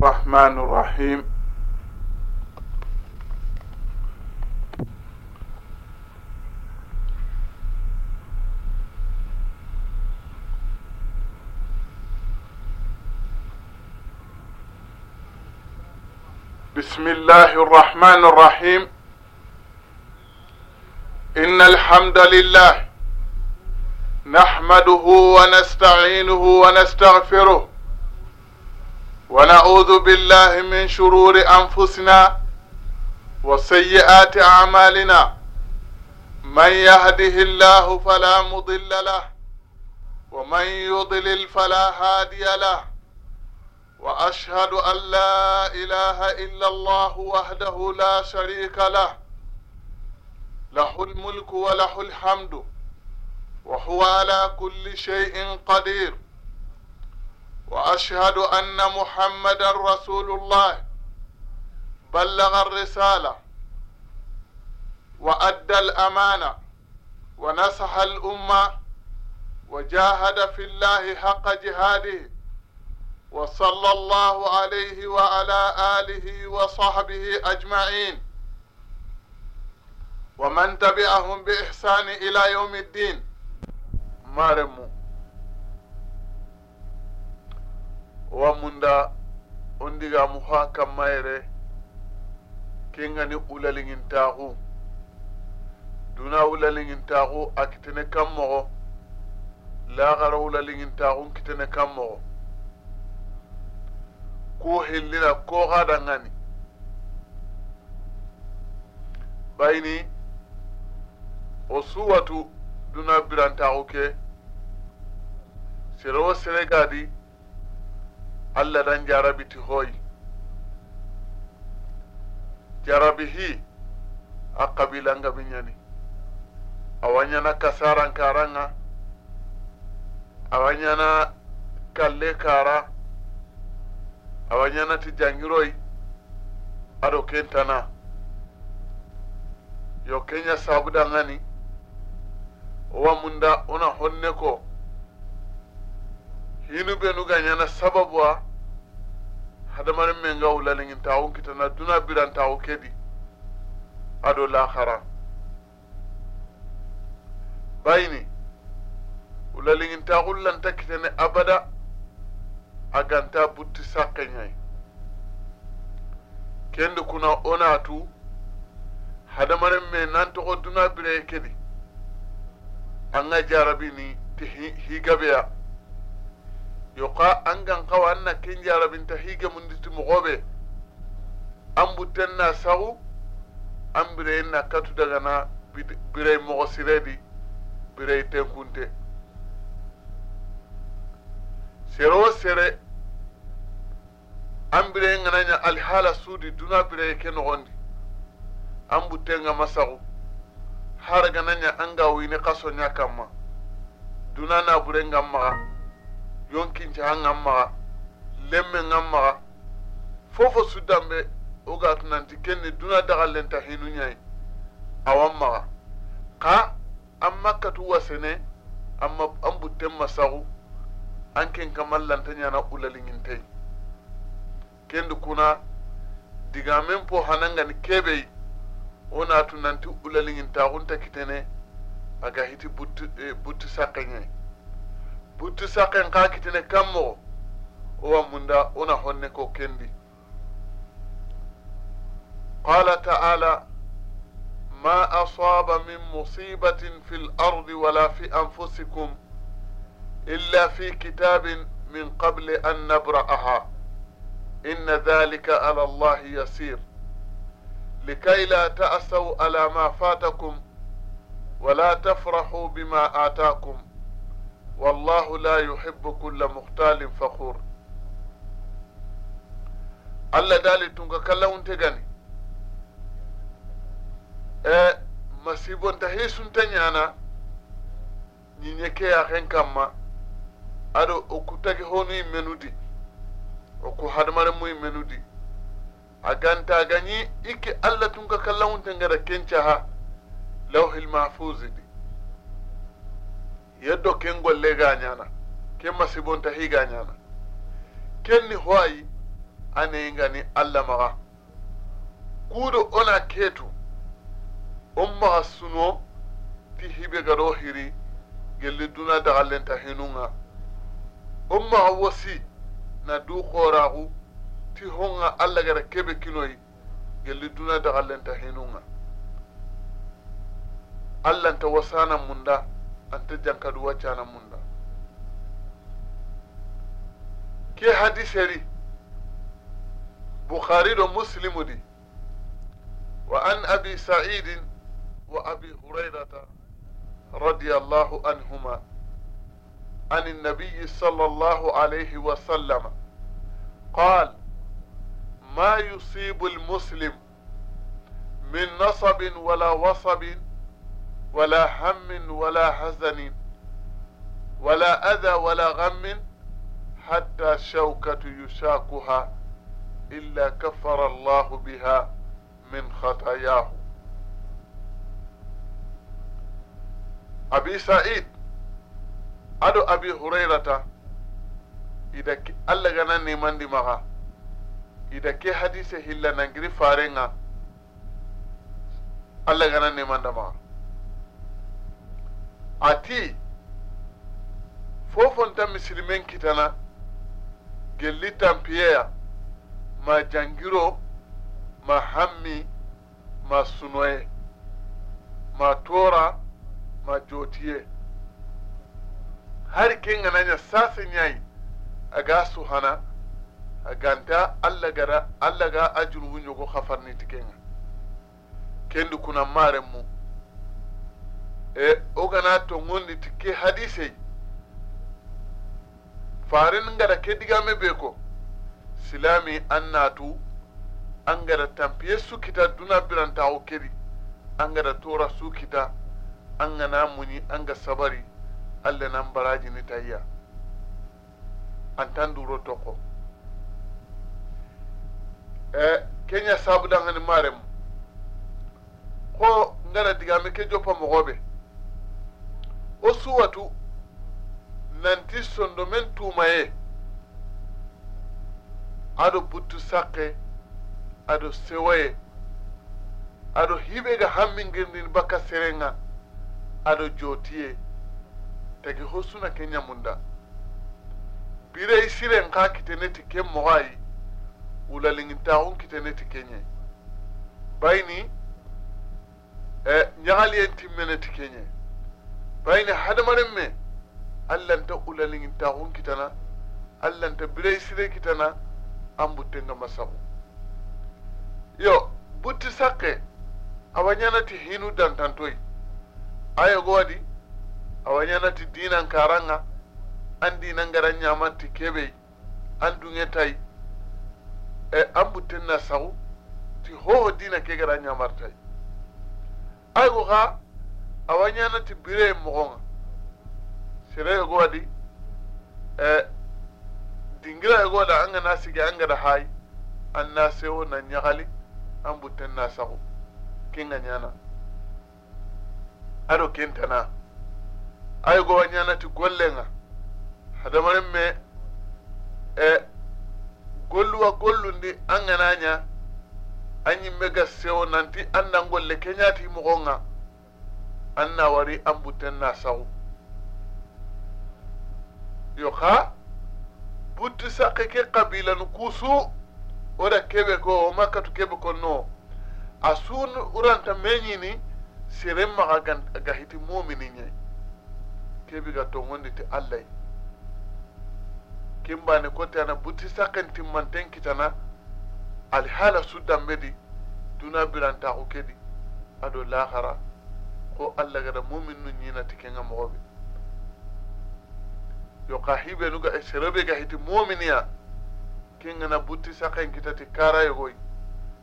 الرحمن الرحيم بسم الله الرحمن الرحيم إن الحمد لله نحمده ونستعينه ونستغفره ونعوذ بالله من شرور أنفسنا وسيئات أعمالنا من يهده الله فلا مضل له ومن يضلل فلا هادي له وأشهد أن لا إله إلا الله وحده لا شريك له له الملك وله الحمد وهو على كل شيء قدير واشهد ان محمدا رسول الله بلغ الرساله وادى الامانه ونصح الامه وجاهد في الله حق جهاده وصلى الله عليه وعلى اله وصحبه اجمعين ومن تبعهم باحسان الى يوم الدين مارمو wa wamunda ondiga muha kamma yere ulalingin ulaliŋintaaxu duna ulaliŋintaaxu a kitene kan moxo ulalingin ulaliŋintaaxun kitene kan moxo ku hillina ko xadanŋani bayini wo suwatu duna birantaxu ke sere wo sere gadi allah jarabi ti hoyi jarabi hi a kabilanga ɓe ñani awañana kasaran karanga awañana kalle kara awañanati jangiroyi ado kentana yo kenya ngani wa munda una honne ko hinu ɓenu gañana sababu a hadamaren min ga ta taxun kitana duna biran taxu kedi ado laxara bayini ta taxun lanta ne abada a ganta butti sakke ñayi kendi kuna onatu hadamaren me nan toxo duna bire kedi an ga jarabi ni ti higabeya hi yoka an gan kawa an na ken jarabinta hige munditi mogoɓe an butten na sahu an bire na katu daga na birey mogo siredi birey tenkunte sere o sere an bireyin gananya alhala sudi duna birey ke nogondi an butten ga masahu har gananya an ga ne kaso nya kama duna na bure gan maka. yonkince an ŋan maxa lemme ŋan maxa fofo suddanbe wo gatunanti kenni duna daxallenta hinuɲayi awan maxa xa an makatu wasene an butten masaxu an ken kamallanta ɲana ulaliŋinteyi kendi kuna diga digamen po hanangani kebeyi wo natu nanti ulaliŋintaxunta kitene aga hiti butti eh, sakkeɲayi butti saken ka kitine kammogo munda ona honne ko kendi qala taala ما أصاب من مصيبة في الأرض ولا في أنفسكم إلا في كتاب من قبل أن نبرأها إن ذلك على الله يسير لكي لا تأسوا على ما فاتكم ولا تفرحوا بما آتاكم wallahu la yuhibbu kulla muhtalin fakhur allah dali tun ka kallawunte gani e masibonta he sunta ñana ñiñe keya hen kamma aɗo o kuttake honuyi menudi o ko hadamare muyi menudi a ganta gañi ikke allah tun ka kallawunte ngara kencaha lawhil mahfusi yeddo ken golle gañana ken ta hi gañana ken ni howayi ngani allah maxa kuuɗo ona keetu on maxa suno ti hibe gado hiri gelli duna daxallenta hinunga on maxa wosi na du xooraxu ti honga allah gara kebe kinoyi gelli duna daxallenta hinunga allah ta wasana munda anta jankadu waccana munda ke hadiseri bukhari da muslimu di wa an abi saidin wa abi hurairata radiallahu anhuma عن النبي صلى الله عليه وسلم قال ما يصيب المسلم من نصب ولا وصب ولا هم ولا حزن ولا أذى ولا غم حتى الشوكة يشاكها إلا كفر الله بها من خطاياه أبي سعيد أدو أبي هريرة إذا ألا غنا نيمان دماغا إذا كي حديث هلا نجري فارنغا ألا غنا نيمان دماغا ati fofonta misilimen kitana gelli tampiyeya ma jangiro ma hammi ma sunoye ma tora ma jotiye har kin gananya sasin yayi a ga su hana a ganta allah gara allah ko ajuru wunyo ko hafarni tikenga kuna maren mu e o gana to ngondi tikke ke farin ngara ke me be ko silami an natu an tampiye su kita duna biranta o kedi an tora su kita an ga namuni an sabari alle nan baraji ni tayya an tan duro toko e kenya sabu dangani marem ko ngara me ke jopa mogobe o suwatu nanti sondo men tumaye aɗo buttu sakke aɗo sewoye aɗo hiɓe ga hammingirdin bakka serenga aɗo jootiye tagi ho suna ke ñamunda birey siren ka kiteneti ken mogo ayi wulalingintaxun kiteneti keñe bayni eh, ñaxaliyen timmeneti kenye bayni hadamaren me allanta ulalin tahun kitana allanta birai sire kitana an buttenga masabu yo butti sakke awa ti hinu dantantoy ayogo wadi awa ti dinan karanga an dinan gara ti kebe an dunge tai e an butte na ti hoho dina ke gara tai ayo ga awa na ti bire e moxonga sere yogo e di eh, dingira yogo e da an gana sigi an da hayi an na sewo na ñaxali an buten na nyana kinga ñana aɗo kentana ayogo wa ñanati nga hadamaren me e golluwa di an na nya an ñimme se sewo nanti an dan golle keñati nga an na wari an buten na sahu yoka butti sakke ke kabilanu kusu oda kebe ko o tu kebe ko no a suun uranta meñini seren maxa ga hiti mumini ne kebe ga tongonditi allahy kimbane kote ana butti sakken timmanten kitana alhala medi di biranta birantaxu kedi ado lahara ko allah gada mumin nu ñinati kenga moxoɓe yo xa xiɓenuga e serebe ga hiti mominiya kengana butti saken kitati karayogoy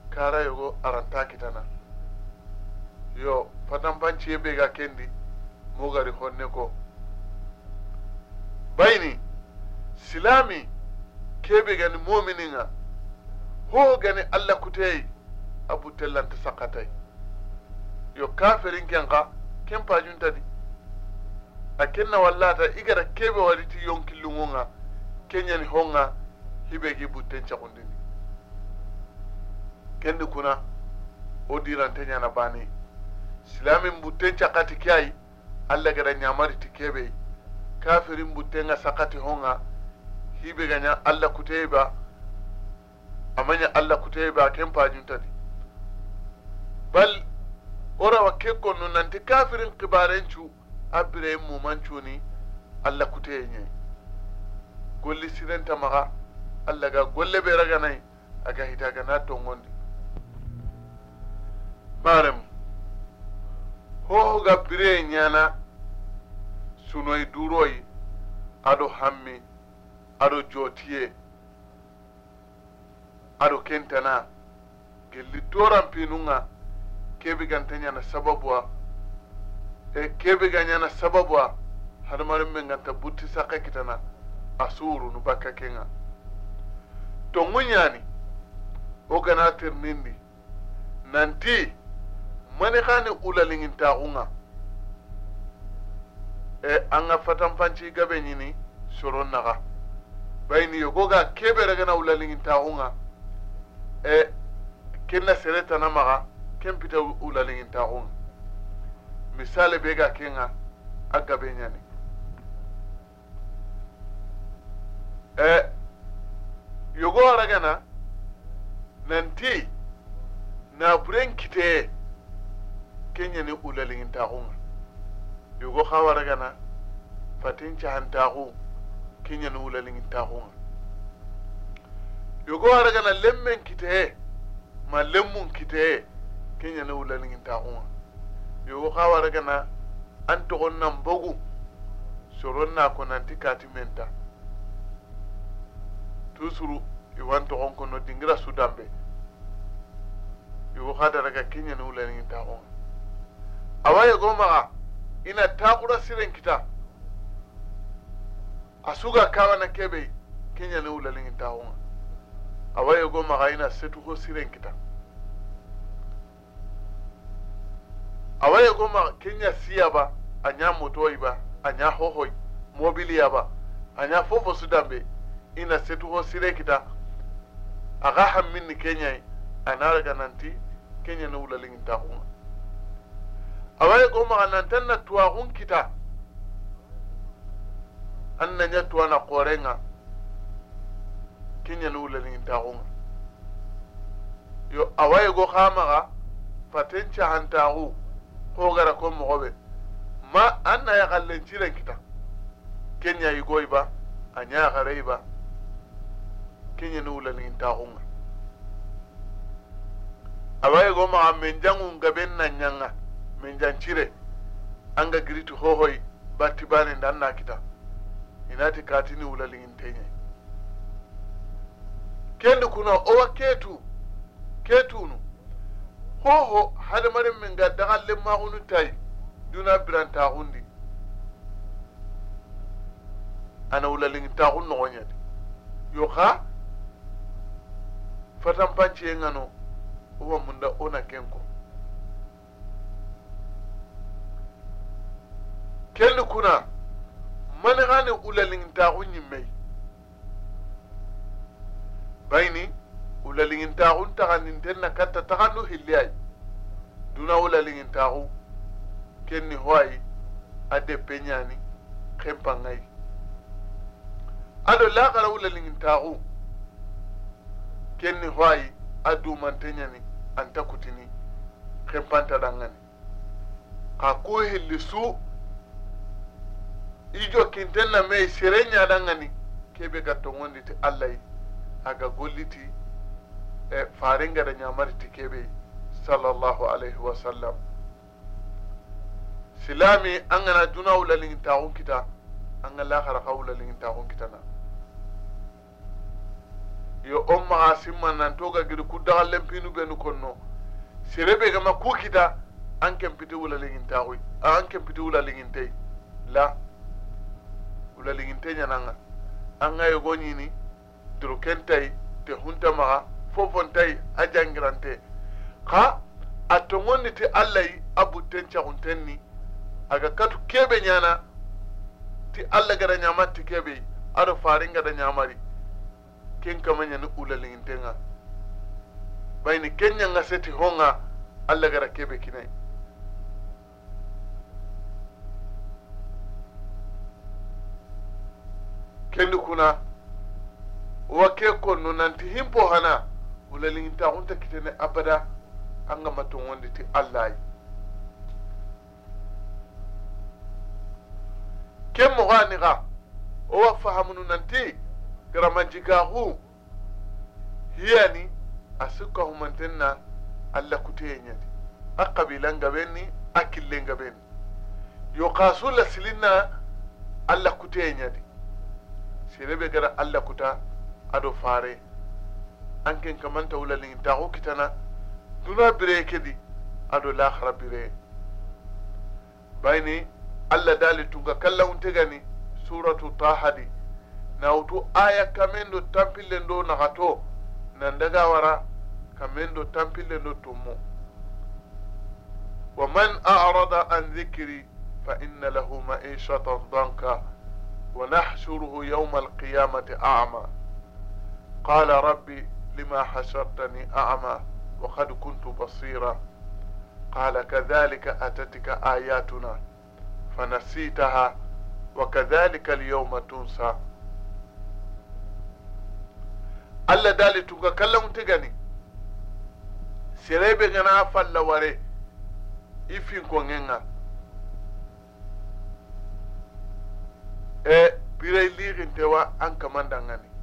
karayogo aranta kitana yo patanpanciye ɓe ga kendi mogari honne ko bayni silami keɓe gani mominiga ho gani allah kuteyi a buttellanta sakatay yo kafirin ken ka ken pajuntadi a kenna wallata igara keɓe waɗiti kenya kenyani honga hibe gi butten cakundini kendi kuna o dirante ñana bane silamin butten cakati ke ayi allah gada ñamariti kebe kafirin buttenga sakati honga hibe ganya allah kuteba amanya allah kuteba ken tadi bal ora wa ke konno nanti kafirin kibarencu abire ni allah kuteye ñayi golli sirenta maxa alla ga golle ɓe raganayi aga hita gana tongondi marem hohoga bireye ñana sunoyi duroyi ado hammi ado jotiye ado kentana gelli pinunga kebiganta ñana sababuwa e kebiga ñana sababuwa hadamarin min ganta butti saka kitana a surunu bakka kenga to ŋuñani wo gana tirnindi nanti mani hani ulaliŋintaxunga e an ga fatanfanci gabe ñini soron naxa bayini yogo ga kebere gana ulaliŋintaxunga e sere tana maxa kempita ulaliŋinta xuŋa misali be ga kenga a gabe ñani e eh, yogo waragana nanti naburen kiteye ke ñani ulaliŋintaxunga yogo xa waragana fatin cahantaxu ke ñani ulaliŋintaxunga yogo waragana lemmen kiteye ma lemmun kiteye kenyana wulalŋintaxuma yogo xa waragana an toxon nan bugu soron na ko nanti kati menta tusuru iwan toxon kono dingira sudanbe yogo xa daraga kenyana wulalŋintaxuma awa goma a ina taxura siren kita a suga na kebe kenyana wulalŋintaxuma awa goma a ina ko siren kita awaye goma kenya siya ba a nya motoyi ba a anya hohoy mobiliya ba a nya fofo su sudambe ina setuho sire kita aga ni kenya a anaraga nanti kenya ta ni wulalingintakunga awaye goma anantan na tuwakun kita an na nya tuwa na korenga kenya ni wulalingintakunga yo awaye go hamaga fatenca hantaku ko gara ko mogobe ma an na ya kallen ciren kita kenya yi goyi ba a nya gare ba kenya ni wulalin ta hunga abaye go ma min jangun gaben nan nyanga min jan cire an ga giriti hohoi batti bane da an na kita inati katini wulalin tenye kendi kuna owa ketu ketunu hoho hadamaden min ga dagallen maxunu tayi duna birantaxundi ana wulalingintaxun noxoñadi yo xa uwa mun da ona ken ko kelli kuna mani xani wulalingintaxu mai bayni wula liŋintaaxu taxanin ten na katta taxandu hilliyay duna wula liŋintaaxu ken ni hoayi a deppe ɲani xenpanŋayi ado laxara wula liŋintaaxu ken ni hoayi a dumante ɲani anta kutini xenpantadanŋani xa ku hilli su i jokkinten na me sere ɲadanŋani kebe ga allayi aga golliti e eh, faringara ñamarti keɓe sallallahu alaihi wa sallam silami an gana duna wulalingintaxun kita an ga lahara xa wulalingintaxun na. yo on maxa simman nan toga giri ku daxallen pinu benu konno serebe gama ku kita an ken piti a an ken piti wulalingintey la wulalinginte ñananga an ga yogo ni drukentai te hunta ma fofontay a jangirante ha a togondi ti allah yi a butten cahunten ni aga katu kebe ñana ti allah gada ñamat ti keɓe aɗo farin gada ñamari ken kama ñani ulaligintenga bayni ken ñanga seti honga allah gada kebe kinai kendi kuna wa ke konnu nanti himpo hana mulalin ta hunta ne abada an ga matan wanda ta Allah yi ken ga o wa fahamunu nanti hiya ni a sukka humanten na allah kuteye ñati a kabilan gaben ni a killen gaben ni yokasu lasilin na allah sai ñati bai gara allah kuta ado fare anken kamanta wulalin taxu kitana duna bire kedi ado laxara bire bayni allah dali tunga kallawuntegani suratu tahadi nawtu aya kamen do tampillen do naxato nan daga wara kamen do tampillen do tummu ومن أعرض عن ذكري فإن له معيشة ضنكا ونحشره يوم القيامة أعمى قال ربي لما حشرتني أعمى وقد كنت بصيرا قال كذلك أتتك آياتنا فنسيتها وكذلك اليوم تنسى الله دالي تنقى كلم تغني سيريبي غنا فالا وري يفين كونغنغا ايه بيري ليغين تيوا انك مندنغني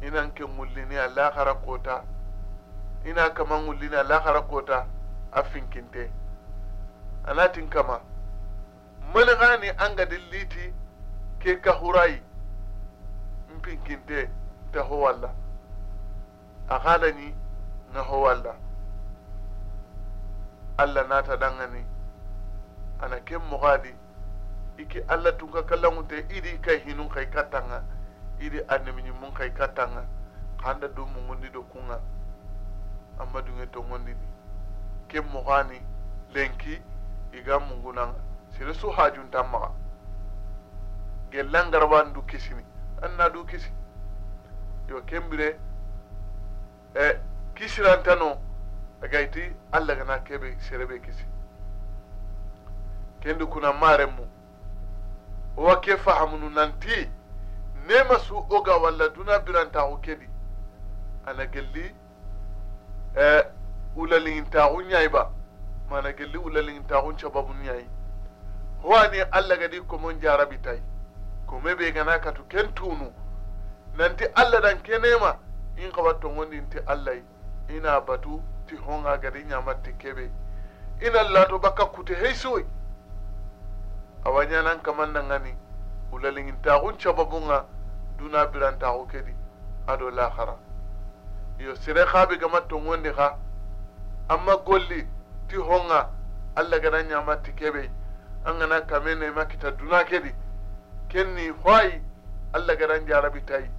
ina ke ngullini a lahara kota ina kama ngullini a lahara kota a finkinte anatin kama mani gani an ga liti ke ka hurayi in finkinte ta howalla a ni na howalla allah nata dangani ana ken mugadi iki allah tun ka kallanŋute idi ka hinun kai tanga. iri annaminyi mun kai katanga kanda do mun gondi do kunga amma dunge to ngondi ni ke mo hani lenki iga mun gunan sire su hajun tamma gellan garban du kisini anna du kisi yo kembire e tano agaiti alla gana kebe serebe kisi kendi kuna maremu wa ke fahamu nanti nema su oga walla duna ta kedi ana gelli eh, ta ɲayi ba mana gelli ulaliŋintaxu sababu ɲayi howani alla gadi komon jarabitayi kome be gana katu ken tunu nanti alla dan kenema in watto tongondi nti allayi ina batu ti honga gadi ɲamatti kebe ina lato bakka kute heysoyi awa ɲanan kamandangani ulaliŋintaxun sababunga duna ko kedi ado laxara yo sire xaabe gama tongondi kha amma golli ti honga alla gana nyama ti kebe an kamene makita duna kedi ken ni hoayi allah garan jarabi tayi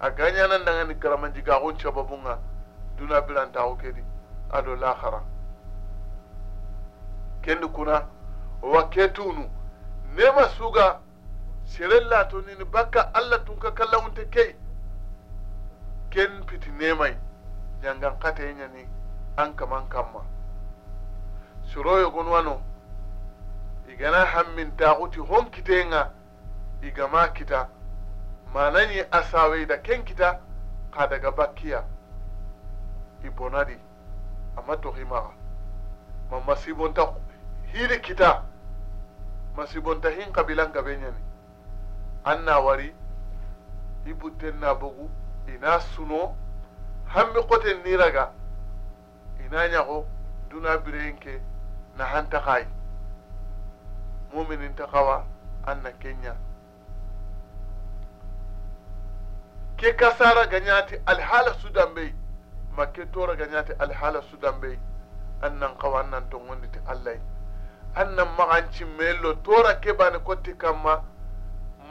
a gañanan dangani garamanjigaxun sababunga duna ko kedi ado lahara kendi kuna wa ketunu nema suga sirin latoni ni baka allah tun ka kallawunte ke. ken fiti ne pitinemai jangan yi ñani an kaman ya gun wano igana hammintaxuti hon kitenga igama kita ma manani da ken kita ka daga bakiya i amma ama toximaxa ma masibonta hiri kita masibonta hin kabilan gabe ñani anna wari i butten na bogu ina suno hammi koten niraga ina ñago duna bireyin ke na hantaxayi muminin taxawa an na kenya ke kasara gañati alhala sudanbeyi ma ke tora gañati alhala sudanbeyi an nan xawa an nan tongonditi allayi an nan maxancin mello tora ke bani kotti ma.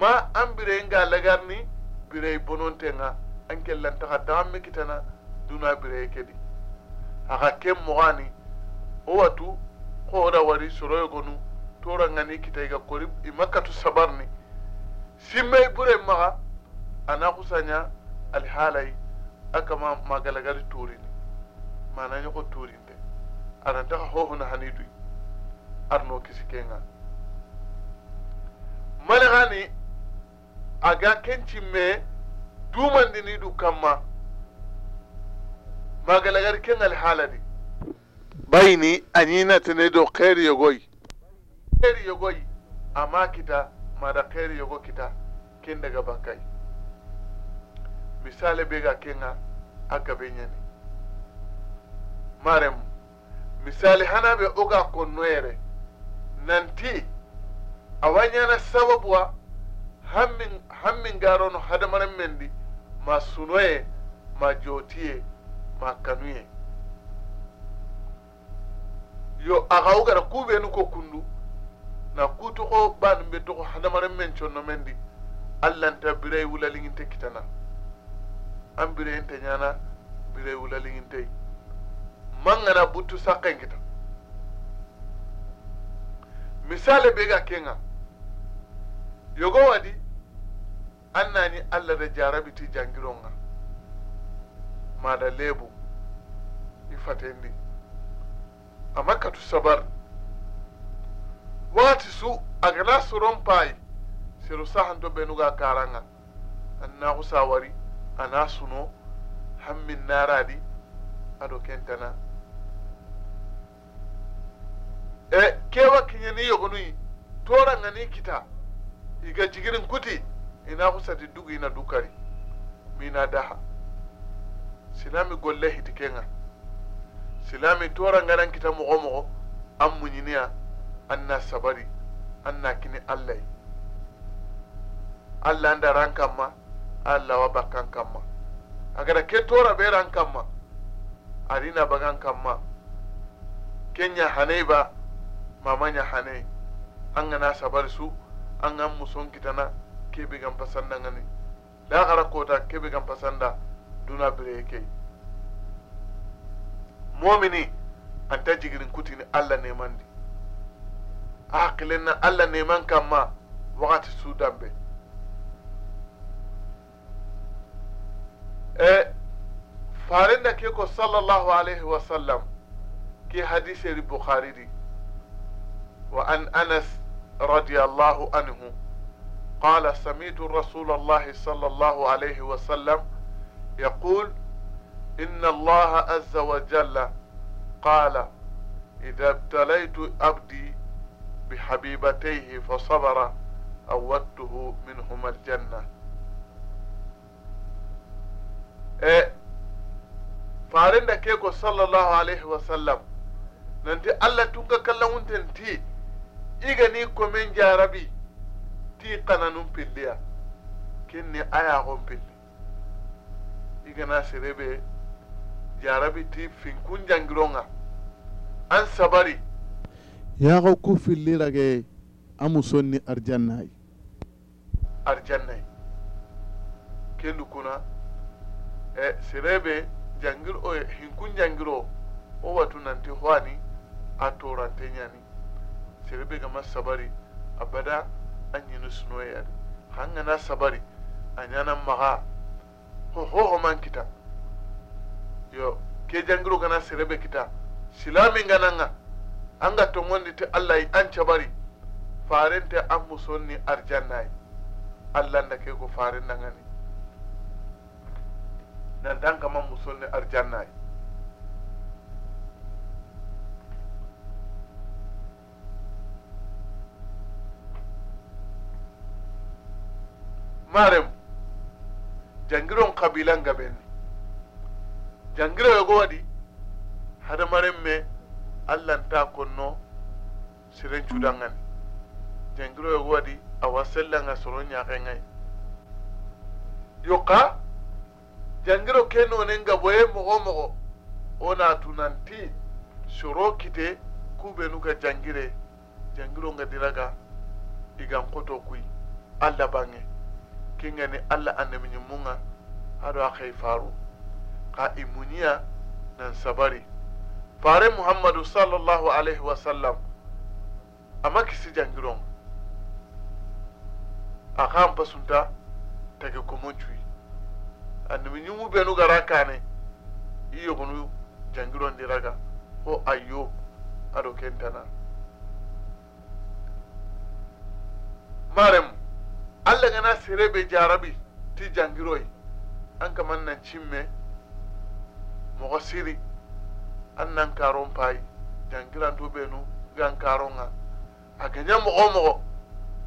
ma an bire nga ni bire bonon bononte nga an kellan ta hatta an mikitana duna bire kedi aka ken mogani o watu ko da wari soroyo gonu tora ngani kita kori ga korib imakatu sabarni simme bure maga ana kusanya alhalai aka ma magalagari turini mana nyoko turinde anantaka hohuna hanidui arno kisi ke kenga malagani a ga kenci me duman dumandini du kamma magalagar ken alhaladi bayni añinatene do xeer yogoy xeer yogoy ama kita mada ya goyi kita kin daga bankay misali be ga kenga a gabe ñani marem misali hana be uga konnoyere a wanyana sababuwa hammin hammin garono hadamaren men ɗi ma sunoye ma jotiye ma kanuye yo axawu gara kuɓenu ko kundu na kutoxo banu ɓe toxo hadamaren men conno men ɗi allanta birey wulalinginte kitana an birai bireyinte ñana birey wulalingintey mangana buttu sakken kita misale ɓe ga kenga yogo wadi an na ni allah da jarabi ti jangironga mada lebu i fatendi amma katu sabar wati su a agana soron payi sero sahanto benuga karanga annaku a ana suno hammin na naradi aɗo kentana e kewa kiñani yogonuyi toranga ni kita iga jigirin kuti ina husati dugu ina dukari mina daha silami golle hiti kenga silami tora ngaran kita mogo mogo an muñiniya an na sabari an na kini allai allah an daran kanma allah wa bakkan kanma a gada ke tora beran kanma arina bagan kanma kenya hanai ba mamanya hanai an gana sabari su an gan muson kitana kebe gan pasanda ngani lahara kota kebe gan pasanda duna bire ke momini an ta jigirin kutini allah neman di a hakilin na allah neman kan ma wakati su dambe e farin da ke ko sallallahu alaihi wa sallam ke hadisari bukhari di wa an anas رضي الله عنه قال سمعت رسول الله صلى الله عليه وسلم يقول إن الله عز وجل قال إذا ابتليت أبدي بحبيبتيه فصبر أودته منهما الجنة e farin da صلى الله عليه وسلم wasallam nan ti Allah tun gani komen jarabi ti kananun pilliya kin ni ayagon pilli igana serebe jarabi ti finkun jangironga an sabari yaxo ku fillirage a muson ni arjannayi arjannayi kendu kuna e serebe jangiro hinkun e, jangiro o watu nanti hwani a torante ñani sere be gama sabari abada a ya sunoyade hangana sabari a ñanan maxa ho hoho man kita yo ke jangiro gana serebe kita silami gananga an ga tongondi te allah yi an cabari te an muson ni yi allah na ke ko farendangani nan ka kaman muson ni yi mare jangiron kabilan gabenni jangiro yogo waɗi hadamaren me allahnta konno siren cudangani jangiro yogo waɗi awa sellanga soro ñakengayi yoka jangiro ke nonen gaboye mogo mogo ona tunanti soro kite kuɓenu nuka jangire jangiro nga diraga igan koto kuyi allah bange kengani allah annabiñi munga haɗo a faru ka i muñiya nan sabari fare muhammadu sallallahu alaihi wa sallam ama kisi jangiron a kan pasunta tage komon cuyi annabi ñimu benu gara kane i yogonu jangiron diraga ko ayyo aɗo kentana marem allah gana be jarabi ti jangiroi an kaman nan cimme mogo siri an nan karon payi jangiranto benu gan karon a ganya mogo mogo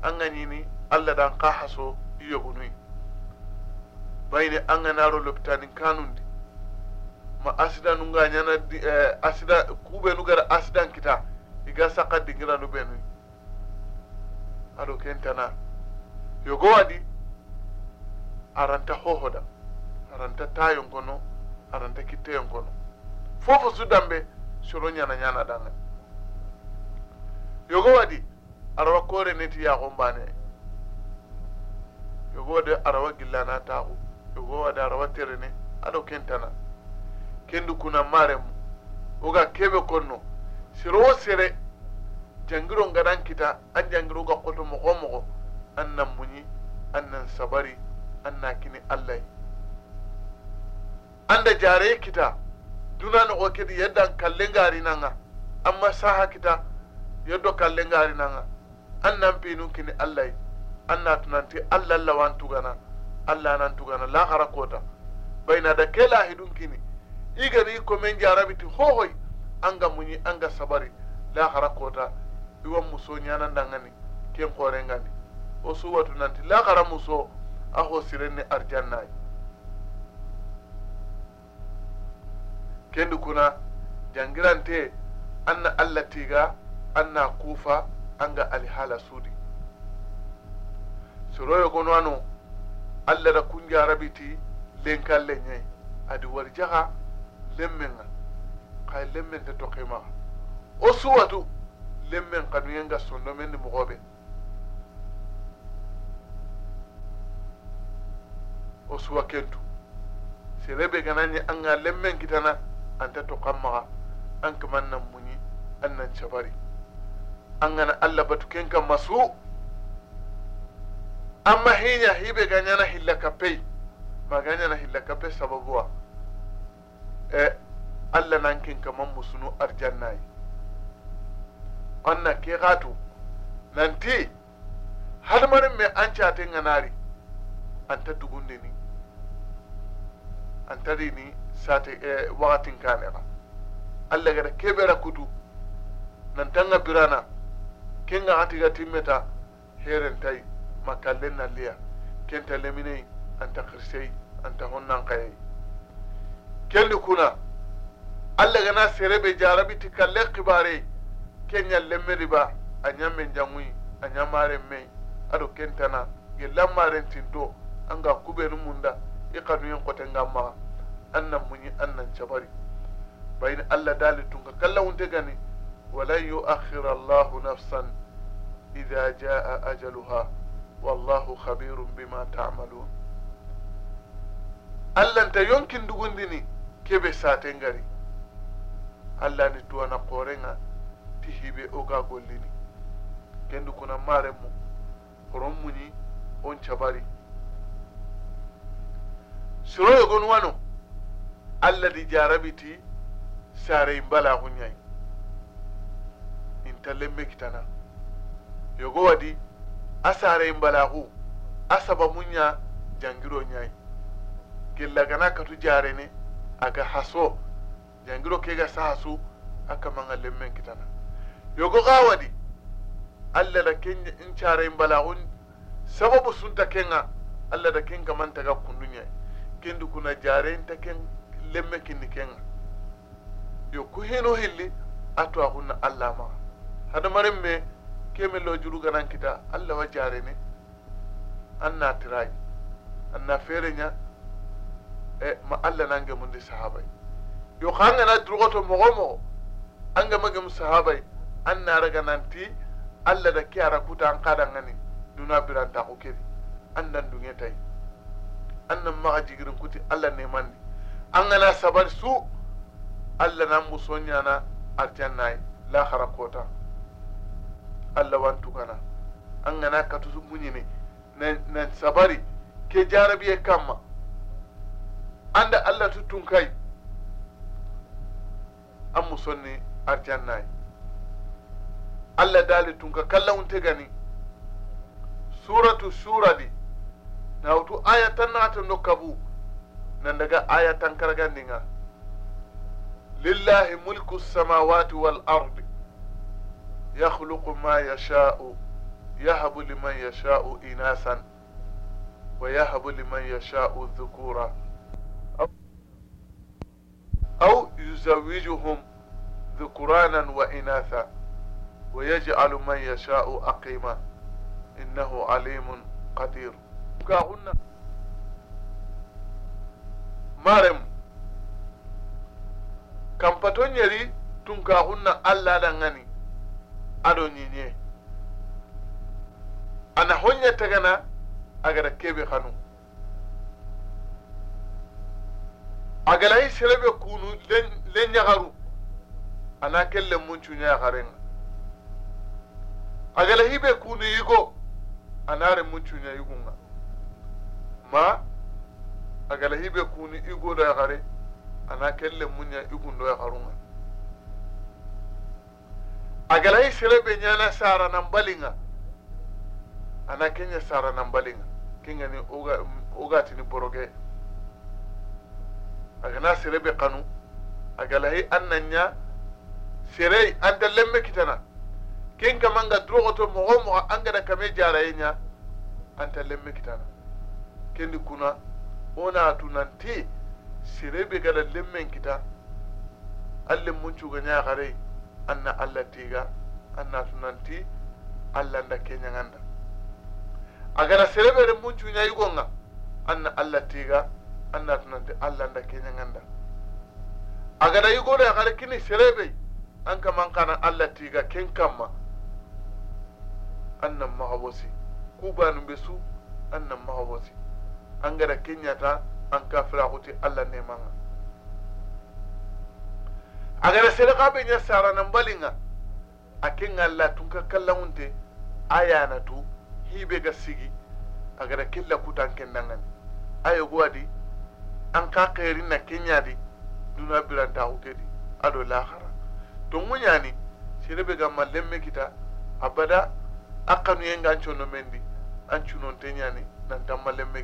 an gani ni allah dan ka haso i yogonuyi bayine an ro loptani lopitanin di ma asidanu ga ñana eh, asida kubenu gara asidan kita iga saka dingiranu benuyi aɗo kentana yogo waɗi aranta hohoɗa aranta tayon kono aranta kitteyon kono fofo sudanɓe soro ñana ñana ɗanga yogo waɗi arawa kore neti yakon bane yogo waɗi arawa gillana taku yogo waɗi arawa terene ado kentana kendu kunan mare mu oga keɓe konno sero wo sere jangiro ngaɗan kita an jangiro ga koto mogo mogo annan munyi annan sabari anna kini allah anda jare kita duna na okidi yadda kallin gari an amma saha kita yadda kallin gari an annan pinu kini allah anna tunanti allah lawan tugana allah nan tugana la harakota baina da ke lahidun kini igari ko men hohoi an anga munyi anga sabari la harakota iwan muso nyanan dangani ken korengani o suwatu nanti lakara muso a ho siren ni arjannayi kendi kuna jangirante an na allah tiga an kufa an ga alihala sudi soroyo gono ano allah da kungiya rabiti lenkan lenyai adi warjaha lemmenga kay lemmen te ma o suwatu lemmen kanu yenga sondomen ni bɛ. o suwa kentu serebe gananye an ga lemmen kitana an ta tokan maga an kaman nan munyi an nan cabari an gana allah batuken kan masu amma hinya hibe ganyana hillakapai ma ganyana hillakapai sababuwa e allah nan kin kaman musunu arjannayi anna ke gato nanti hadmarin mai an catin ganari an ta dugun da ni ni sati e eh, wakatin kamera allah gada keɓera kutu tanga birana kenga hatiga timmeta herentayi na liya kenta leminei an ta honnan kai kelli kuna allah gana serebe jarabi kalle kibarei kenya lemmeri ba a ñammen jangui a ñammaren mei aɗo kentana ge anga kubenu munda ikanu yin kwatan gama annan munyi annan cabari ni allah dalitun ka kalla wunte gani walan yu akhira allahu nafsan idha jaa ajaluha wallahu khabirun bima ta'malun allah ta yonkin dugundini kebe saten gari allah ni tuwana korenga ti hibe oga gollini kendu kuna mare mu horon muni on cabari suro gon wano alladi sare in bala hunyai in tallen mekitana yogo wadi a bala balahu a munya jangiro nyai gillagana katu jarene aga haso jangiro sa sahasu aka manga lemmen kitana yogo wadi allah da ken in bala balahun sababu sunta kenga allah da ken kaman taga kundunyai kendi kuna jarenta ken lemme kini kenga yo ku hino hilli atwa a kunna allah maga hadamaren me keme lo juru ganan kita allah wa jare ne anna tirai an fere nya e ma allah nange mundi sahabai yo ka ngana durugoto mogo mogo an gama gem sahabay an naraga nanti allah da ke kuta an kada ngani duna birantaku kedi an nan dunge tayi annan a jigirin kuti allah nemandi an gana sabar su allah nan buso ñana artiyan nayi lahara kota allah tukana an gana katusu ne na sabari ke jarabi kama an da allah tutun kai an ne artiyan nayi allah dalitun ka kallon unte gani suratu suradi na wutu aya tan na ta daga aya tan kargandinga lillahi mulku samawati wal ardi yakhluqu ma yasha'u yahabu liman yasha'u inasan wa yahabu liman yasha'u dhukura أو يزوجهم ذكرانا وإناثا ويجعل من يشاء أقيما إنه عليم قدير hunna marem kam pato ñeri tun ka hunna allah da ngani ado nyinye ana honya tagana agara kebe hanu agalayi serebe kunu len nyagaru ana kelle muncu ñagarenga agala hibe kunu yigo anare munchu ñayigunga ma agala hibe kuni igo do ya hare ana kelle munya igun do ya harunga agala yi selebe nyana sara nan balinga ana kenya sara nan balinga kinga ni oga oga tini boroge agana selebe kanu agala hi annanya serei anda lemme kitana ken kamanga drogoto mogo an angada kame jaraye nya anta lemme kitana kendi kuna ona tunanti sirebe gada lemmen kita alle mun cuga kare anna allah tiga anna tunanti allah nda ke ñaganda agana sereɓere mun cuña yigonga anna allah tiga anna tunanti allah nda ke ñaganda agana yigone kare kini sereɓey an kaman kana allah tiga ken kama anna maxa wosi kubanum be su annan maxa an gada kenyata an kafira huti allah nemanga a gara sadaka ɓe ña bali balinga a kin allah tun ka kallangunte a yanatu hiɓe ga sigi a gara kella kutan kendangani a guwa di an ka kairi na kenyadi duna biranta di aɗo lahara to sai serebe gamma lemme kita abada a kanu an conno men di an cunonte ni nan tamma lemme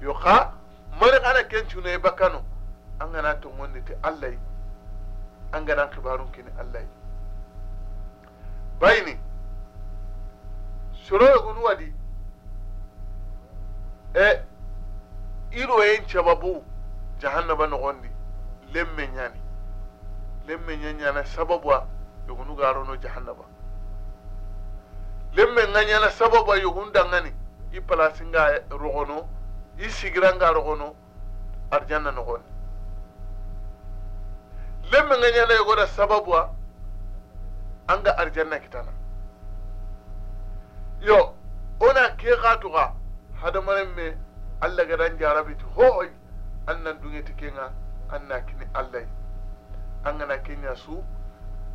yo xa mari ana ken cuno e bakkano an gana ton te allah yi an gana kibarun kini allah yi bayni soroyogunu wadi e iroyen cababu jahannaba nogondi lemme ñani lemme ñañana sababu a yogunu garono jahannaba lemme ŋañana sababu a yogun dangani i palasinga rogono i sigirangaro gono arjanna nogoni lemme nga ñala yogoda sababu a anga arjanna kitana yo ona ke xatuxa hadamaren me allah gadan jarabiti hooy an nan dungeti kenga an na kini allahy an gana kenya su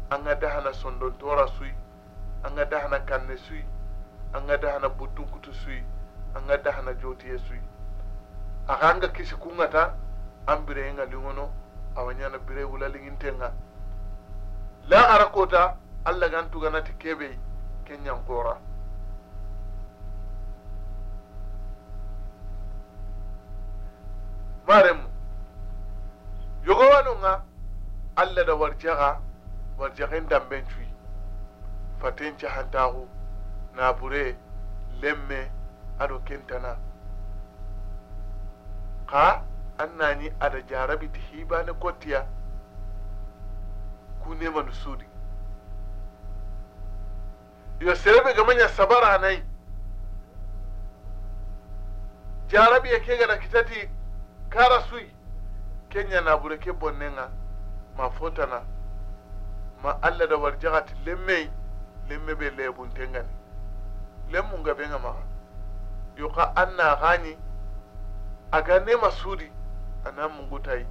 an ga dahana tora sui an ga dahana kanne sui an ga dahana buttunkutu sui an ga dahana jotiye sui akanga kisi kungata ambire nga lingono awanyana bire wula lingintenga la arakota alla gantu ganati kebe kenyan kora maremu yogo wanunga alla da warjaga warjagen damben cuyi faten na bure lemme ado kentana ha ni ada jarabi ta hiba na kotiya ku suri sudi yo serebe ga manya sabara nai jarabi ya ke gada kitati kara sui kenya na bureke bonnenga ma fotana ma alla da warjagati lemmei lemme be lebuntengani lemmunga benga ma yo ka anna gani a ga nema suri ana yi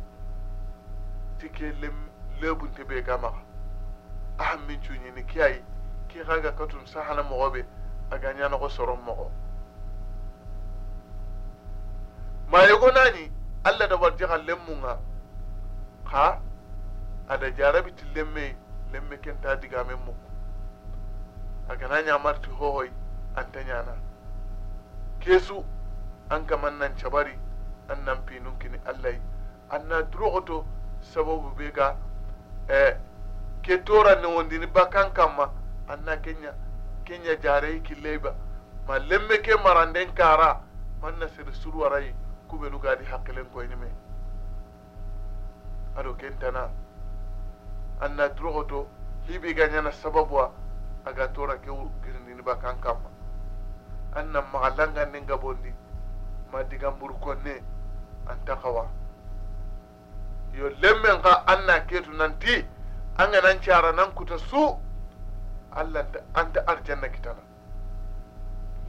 tike lebun ta bai gama a hannun cunye ni kiyaye ki haga katun sahana bai a ga nyana ko soron mogo ma yego ni allah da warje kan ha ada ti lemme lemme ken ta diga min mu ya na hohoi an ta nyana kesu an kaman nan cabari an nan pinun kini allai an na durogoto sababu be ga eh, ke tora ne kan bakan ma an na kenya kenya jareyi killeyba ma lemme ke maranden kara man na siri surwarayi kubenu gadi ko ni me ado kentana an na durogoto hibi ga ñana sababuwa aga tora ke kan bakan ma an nan maxa langannen gabondi ma digamburu ne. attaqwa yo lemmen ka anna ketu nanti an ga nan cara nan kuta su allah an ta arjanna kitana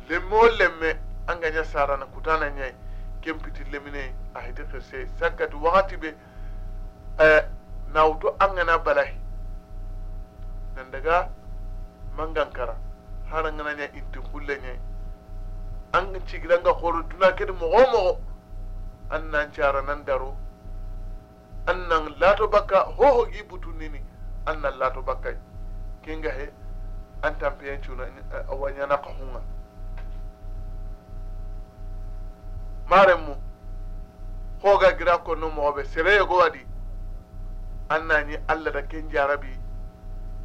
lemme o lemme an ga nya sara kuta nan yai ken piti lemine a hidi kese sakkati wakati be eh, na wuto an gana balahi nan daga mangankara har an gana nya intin kulle nyai an cigira ga horo duna kedi mogo mogo annan cara nan daro annan lato butu nini an annan lato baka kinga he an tampiyen cuna awa eh, ñana kahunga mare mu hoga gira konno sere sereyego waɗi an nañi allah da ken jarabi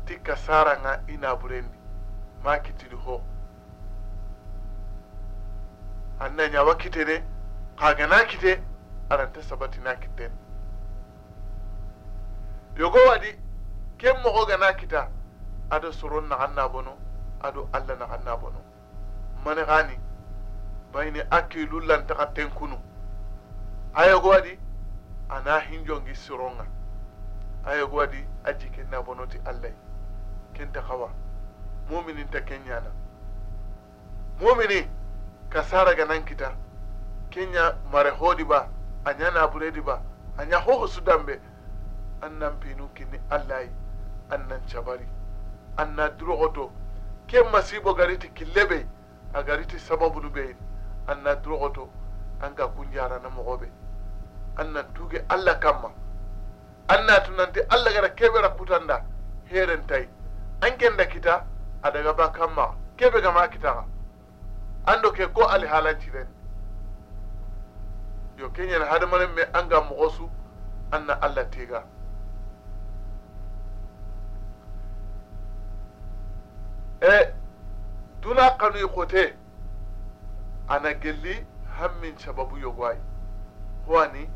tikka nga ina burendi ma kittidi ho an nañi awa ne. kaga na ki je aranta sabati na ki ten yogo wadi ken mogo ga na kita ado suron na hanna bono ado alla na hanna bono mani gani bayni akilu ta ten kunu go wadi ana suronga ayo go wadi aji ken na bono ti allai ken ta kawa muminin ta kenyana mumini kasara ga nan kita kenya mare hodi ba anya na buredi ba anya hoho su dambe annan pinu kini an annan cabari anna durogoto ke masibo gariti killebe a gariti sababu sababunu an anna durogoto an ga kunjara na an annan tuge allah kamma anna tunanti allah gara kebera kutanda tai an kenda kita a daga ba kamma kebe gama an ando ke ko alihalancineni yo keñel hadamaren me anga mogo su an na allah tiga e eh, duna kanuyi kote ana gelli hammin sababu yogoayi howani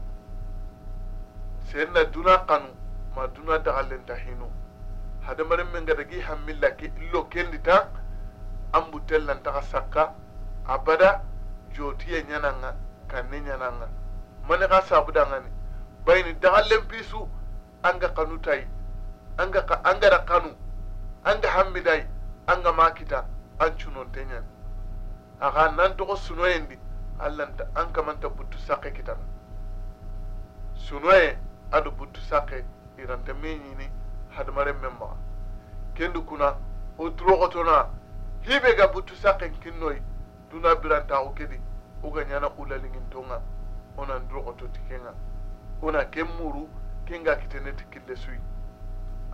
senna duna kanu ma duna hinu illo kendita an sakka abada jotiye ñananga kanne ñananga mane xa sabudangani bayni daxa lempisu anga kanu tay anga ka angara kanu anga hammiday anga makita an nontenyan. ñani axa nan toxo sunoyendi allanta an kamanta buttu saqe kitana sunoye adu buttu sakke iranta me ñini hadamaren men maxa kuna wo turoxotona hibe ga buttu saqen kinnoyi duna birantaxu kedi uga ñana xulalingin tonga onan droxoto ti kenga ona ken muru kenga kitene ti kille suyi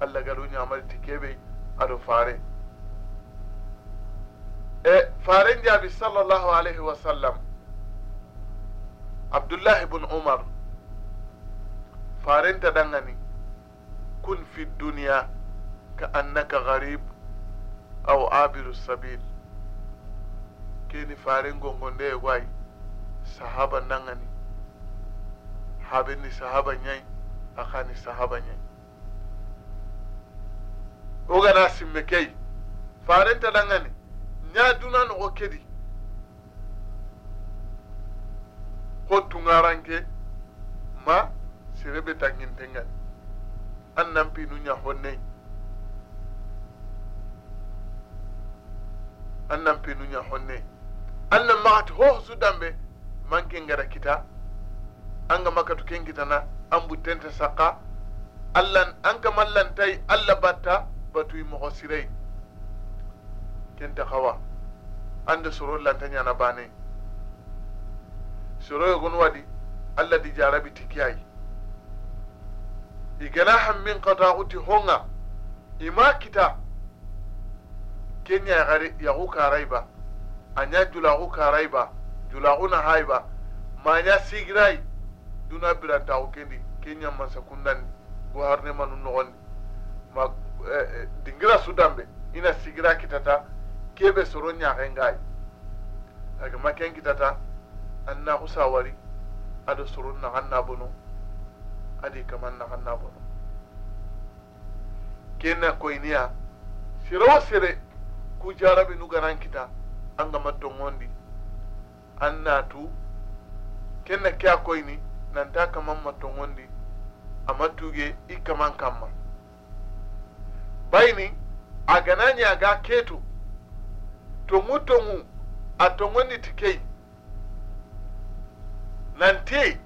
allah gado ñamari ti keɓey aɗo fare e faren jaabi sallallahu alaihi wa sallam abdullahi ibn umar farenta ɗangani kun fi duniya ka annaka garib aw abiru sabil keni faren gongonde e goyi sahaban nan ani habin ni sahaban yai aka ni sahaban yai o gana simme kei ta nan ani nya duna no kedi ko tungaranke ma sirebe tangintengani an nan pinu nya honne an nan pinu nya honne an nan ta ho su dambe man ngara kita ga makatu ken na an butenta saka allan an kamallantayi allah batta batuyi mogo sirei kenta hawa ande soro lantanya na bane soro yogon waɗi allah di jarabi tikiyayi igana hammin kata uti honga ima kita kenya ya karai ba a ña julaxu karai ba julaxuna hayba maɲa sigirai duna birantaxu kendi ke ɲamansa kundandi goharnemanu noxondi ma eh, eh, dingira sudanbe ina sigira kitata kebe soro ɲaxengayi aga maken kitata an naxu sawari ado soro naxan nabono, bono adi kaman naxan nabono, bono kenna koyiniya sere wo ku jarabe nu kita an gama an natu kya ke ni nan ta kaman ma a ma tuge i kaman bai ni a gana ga ketu tongu tongu a tongondi ti nan te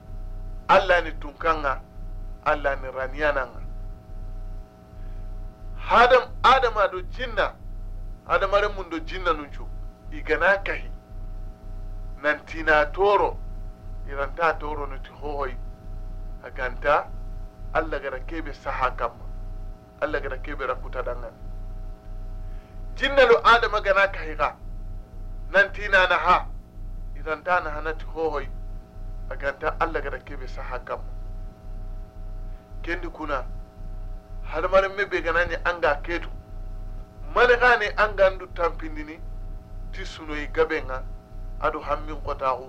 allah ni tunkanga allah ni raniyananga hadam adama do jinna adamare mun do jinna nuncu i gana kahi nan tina toro iran ta toro na ti hohoi a ganta allah gara kebe saha kamma allah gara kebe rakuta dangan jinnalu adama gana kahiga nan tina na ha iran ta na hana ti hohoi a ganta allah gara kebe saha kamma kendi kuna har marin mebe gana ne an ga ketu malika ne an gandu tampindini ti sunoyi gaben ga ado hammin kotaku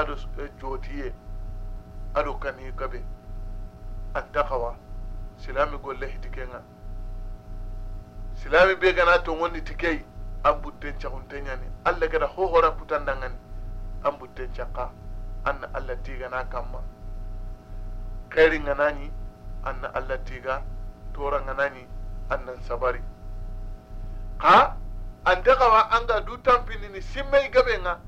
ado eh, jotiye ado kani kaɓe attakawa silami golle hitikenga silami be gana to woni tikei an butten cahunteñani allah gada hohora putandangani an butten an alla allah na kamma kayri ganani an allah tiga tora ganani annan sabari ha. dutan anga du sin mai gabe nga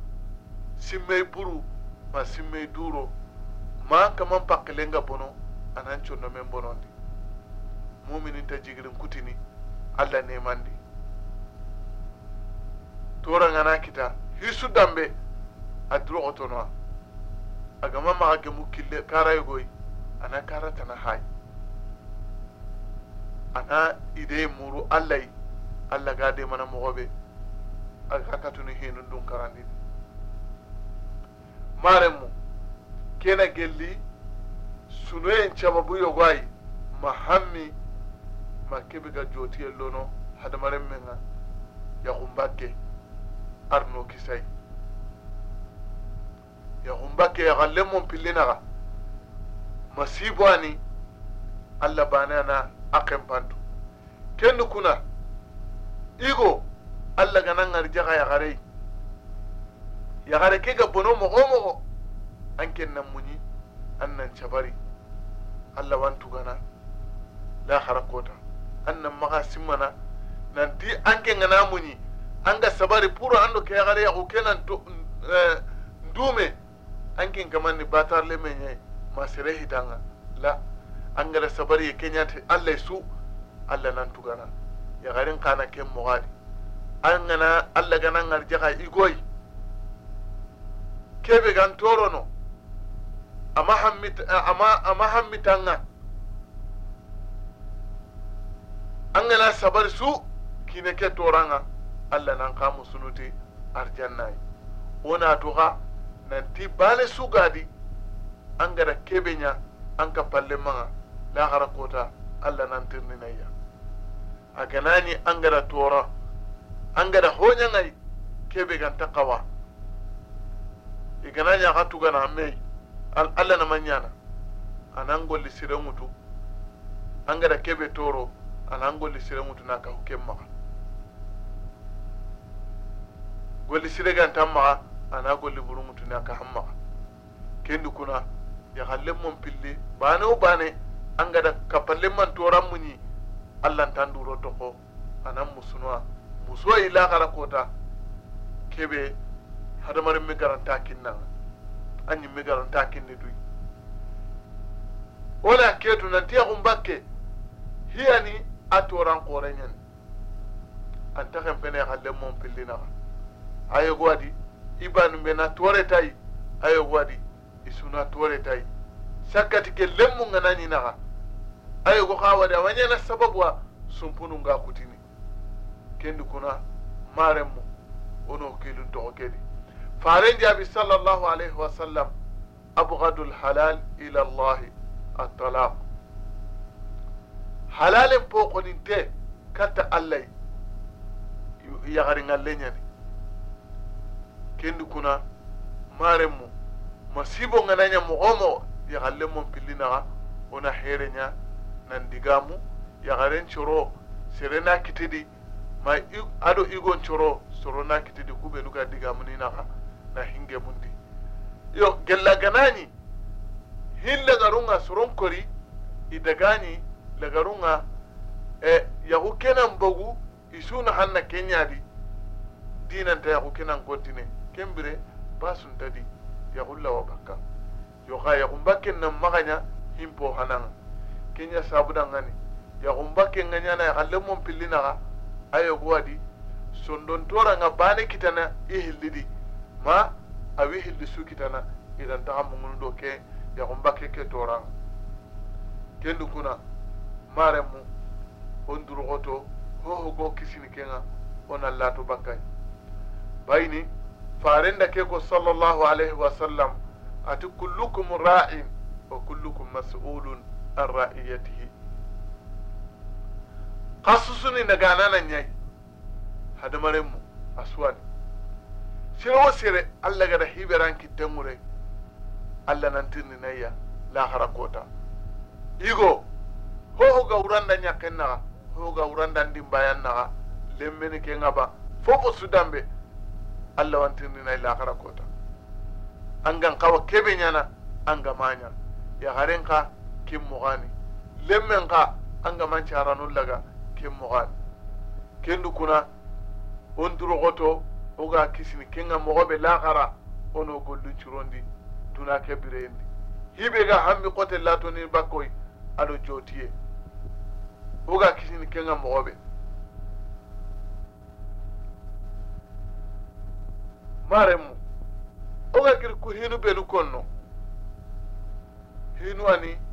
mai buru ma sin mai duro ma kaman pakkilen ga bono anan condo men bonondi muminin ta jigirin kutini allah di tora ngana kita hisu dambe a duro aduro otonoa agama maxa gemu kille karayigoyi ana karatana a ana idee muru yi. allah ga de mana mogo be aga katunu hinu dun karandi maremu kena gelli sunuyen sababu yogoayi ma hammi ma kebe ga jotiye lono hadamaren men ga yahunba ke arno kisai kisayi yahunba ke yaga lemon pillinaga masibo ani allah banana a kempantu kenni kuna igo allah ga nan arja ga yagare yagare ke ga bono mo o an ken nan muni an nan cabari allah wan la hara kota an nan maga simmana ti an ken ngana muni an ga sabari pour an do ke yagare yagu ke nan eh, ndume an ken kamanni batarle me ñayi ma sere hitanga la an ga sabari ye keñate allah su allah nan gana yagarin kana ken mogadi an gana allah gana ngarjaga igoy kebe gan torono ama hammit ama ama hammitanga an gana sabar su kine ke toranga allah nan kamu sunuti arjannai nan ti bale su gadi an gara kebe nya an ka palle maga lahara kota allah nan tirninayya a ganani an gada tora an gada hoñan ay kebe ganta kawa i ganani a xa tugana ammei alla nama na anan golli siren mutu an gada kebe toro anan golli siren mutu na ka ken maxa golli sire gantan maxa ana golli buru mutu na ka maxa kendu kuna yaxallen mon pilli bane o bane an gada kapallen man toran muñi allah tan duro toko anan musunuwa muso yi lakara kota kebe hadamarin mi garanta kinna an yi mi garanta kinni dui wala ketu nan tiya kun bakke ni a toran kore nyen an ta kan fene halle mon pillina ayo gwadi iban be na tore tai ayo gwadi isuna tore tai sakati ke lemmu ngana ni naga ay go ha wada wanyana sababu wa sumpunu nga kutini kendi kuna marem mo ono kelu to kedi faren jabi sallallahu alaihi wasallam abghadul halal ila allah at-talaq halalen po konin te kata allah yagari ngalle ñani kendi kuna maren mo masibo nganaña mogo mogo yagalle mon pillinaxa ona xeereña nan ya garen coro serena kitidi ma ado igon coro sorona kitidi nuka ga digamuni naka na hinge mundi yo gella ganani hin lagarunga soron kori i dagañi lagarunga e yahu kenan bogu isuna hanna keñadi ta yahu kenan kontine kembire basuntadi yahullawa bakka yo ga yahumba ken nan hin himpo hananga kenya sabudangani yaxunba kenga na xalle mon pillinaxa sondon tora nga bane kitana i ma awi hilli su kitana mu mun do ke yaxunba ke ke toranga kendi kuna goto ho ho go kisin kenga wo na latu bakkay bayini farenda ke ko sallallahu alaihi wasallam ati kullukum ra'in wa kullukum mas'ulun an ra'iyatihi ni na gana nan yai hadamarin mu aswan sirwa sire Allah ga da hibiran kitan mure Allah nan tinni nayya la harakota igo ho ho ga uranda nyaken na ho ga uranda ndin bayan na lemmini ke ngaba foko sudambe Allah wantinni nay la harakota an gan kawa kebe nyana an ga ya haren ka kin mugani lemmen ka an gaman caranun laga kin mugani ken du kuna on durogoto o ga kisini ken ga mogo be lakara ono gollun curondi duna ke bireyendi hibe ga hammi kote latoni bakkoy aɗo jootiye o ga kisini ken ga mogo be maremu o ga giri ku hinu benu konno hinu ani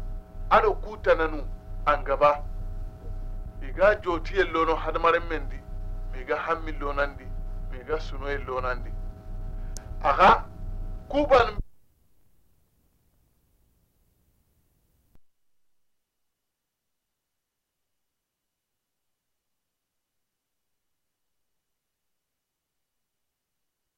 ado kuta nanu an gaba joti jotiyel lono hadmare mendi di miga hammin lonandi miga sunoyel lonandi aga kuban